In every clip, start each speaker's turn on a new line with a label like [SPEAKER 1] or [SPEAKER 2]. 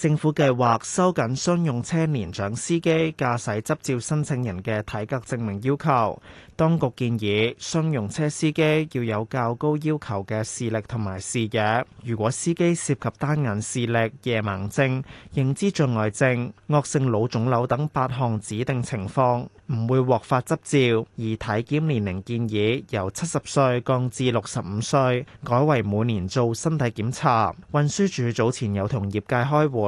[SPEAKER 1] 政府計劃收緊商用車年長司機駕駛執照申請人嘅體格證明要求。當局建議商用車司機要有較高要求嘅視力同埋視野。如果司機涉及單眼視力、夜盲症、認知障礙症、惡性腦腫瘤等八項指定情況，唔會獲發執照。而體檢年齡建議由七十歲降至六十五歲，改為每年做身體檢查。運輸署早前有同業界開會。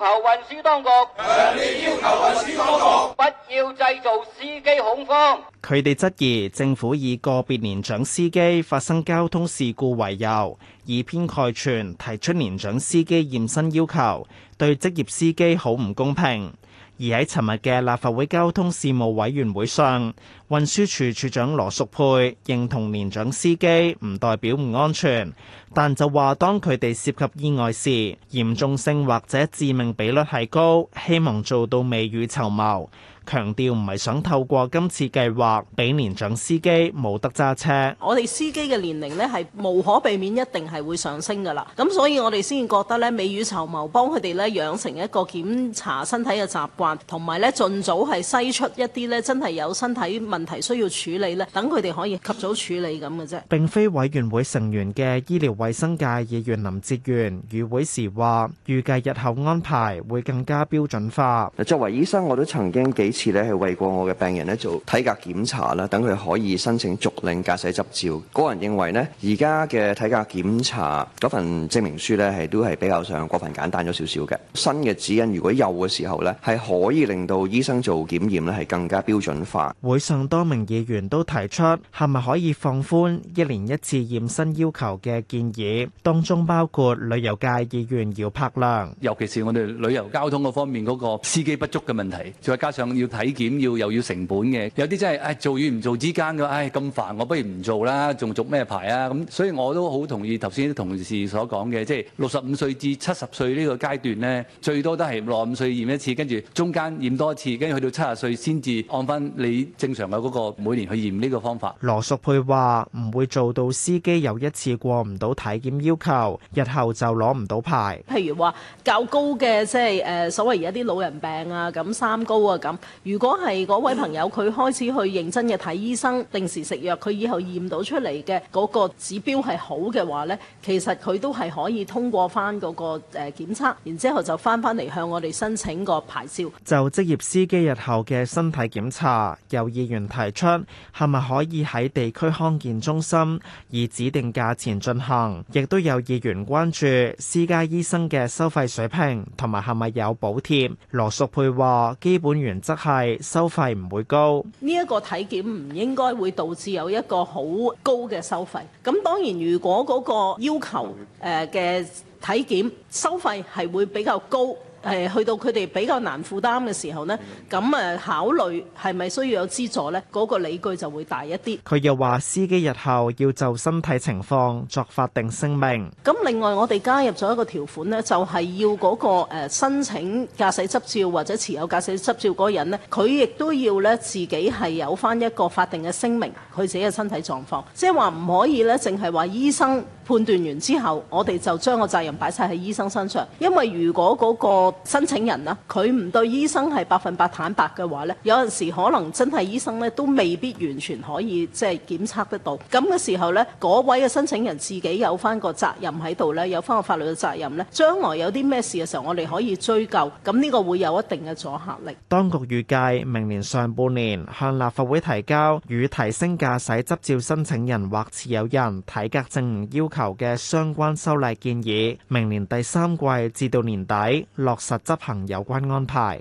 [SPEAKER 1] 求運輸當局強烈要求運輸當局不要製造司機恐慌。佢哋質疑政府以個別年長司機發生交通事故為由，以偏概全提出年長司機驗身要求，對職業司機好唔公平。而喺尋日嘅立法會交通事務委員會上，運輸署署長羅淑佩認同年長司機唔代表唔安全，但就話當佢哋涉及意外時，嚴重性或者致命比率係高，希望做到未雨綢繆。強調唔係想透過今次計劃俾年長司機冇得揸車。
[SPEAKER 2] 我哋司機嘅年齡咧係無可避免一定係會上升㗎啦。咁所以我哋先至覺得咧未雨綢繆，幫佢哋咧養成一個檢查身體嘅習慣，同埋咧盡早係篩出一啲咧真係有身體問題需要處理咧，等佢哋可以及早處理咁嘅啫。
[SPEAKER 1] 並非委員會成員嘅醫療衛生界議員林哲玄與會時話，預計日後安排會更加標準化。作為醫生，我都曾經幾次咧係為過我嘅病人咧做體格檢查啦，等佢可以申請續領駕駛執照。個人認為咧，而家嘅體格檢查嗰份證明書咧係都係比較上過分簡單咗少少嘅。新嘅指引如果有嘅時候咧，係可以令到醫生做檢驗咧係更加標準化。會上多名議員都提出係咪可以放寬一年一次驗身要求嘅建議，當中包括旅遊界議員姚柏亮。尤其是我哋旅遊交通嗰方面嗰個司機不足嘅問題，再加上。要體檢要又要成本嘅，有啲真係、哎、做與唔做之間嘅，唉、哎、咁煩，我不如唔做啦，仲續咩牌啊？咁所以我都好同意頭先啲同事所講嘅，即係六十五歲至七十歲呢個階段咧，最多都係六十五歲驗一次，跟住中間驗多一次，跟住去到七十歲先至按翻你正常嘅嗰、那個每年去驗呢個方法。羅淑佩話唔會做到司機有一次過唔到體檢要求，日後就攞唔到牌。
[SPEAKER 2] 譬如話較高嘅即係誒所謂而家啲老人病啊，咁三高啊咁。如果係嗰位朋友佢開始去認真嘅睇醫生，定時食藥，佢以後驗到出嚟嘅嗰個指標係好嘅話呢，其實佢都係可以通過翻嗰個誒檢測，然之後就翻翻嚟向我哋申請個牌照。
[SPEAKER 1] 就職業司機日後嘅身體檢查，有議員提出係咪可以喺地區康健中心以指定價錢進行？亦都有議員關注私家醫生嘅收費水平同埋係咪有補貼。羅淑佩話，基本原則。係收費唔會高，
[SPEAKER 2] 呢一個體檢唔應該會導致有一個好高嘅收費。咁當然，如果嗰個要求誒嘅體檢收費係會比較高。誒去到佢哋比較難負擔嘅時候呢咁誒考慮係咪需要有資助呢？嗰個理據就會大一啲。
[SPEAKER 1] 佢又話：司機日後要就身體情況作法定聲明。
[SPEAKER 2] 咁另外我哋加入咗一個條款呢就係要嗰個誒申請駕駛執照或者持有駕駛執照嗰人呢佢亦都要呢自己係有翻一個法定嘅聲明，佢自己嘅身體狀況，即係話唔可以呢，淨係話醫生判斷完之後，我哋就將個責任擺晒喺醫生身上，因為如果嗰個申請人啦，佢唔對醫生係百分百坦白嘅話咧，有陣時可能真係醫生咧都未必完全可以即係檢測得到。咁嘅時候咧，嗰位嘅申請人自己有返個責任喺度咧，有返個法律嘅責任咧，將來有啲咩事嘅時候，我哋可以追究。咁呢個會有一定嘅阻嚇力。
[SPEAKER 1] 當局預計明年上半年向立法會提交與提升駕駛執照申請人或持有人體格證明要求嘅相關修例建議，明年第三季至到年底落實執行有關安排。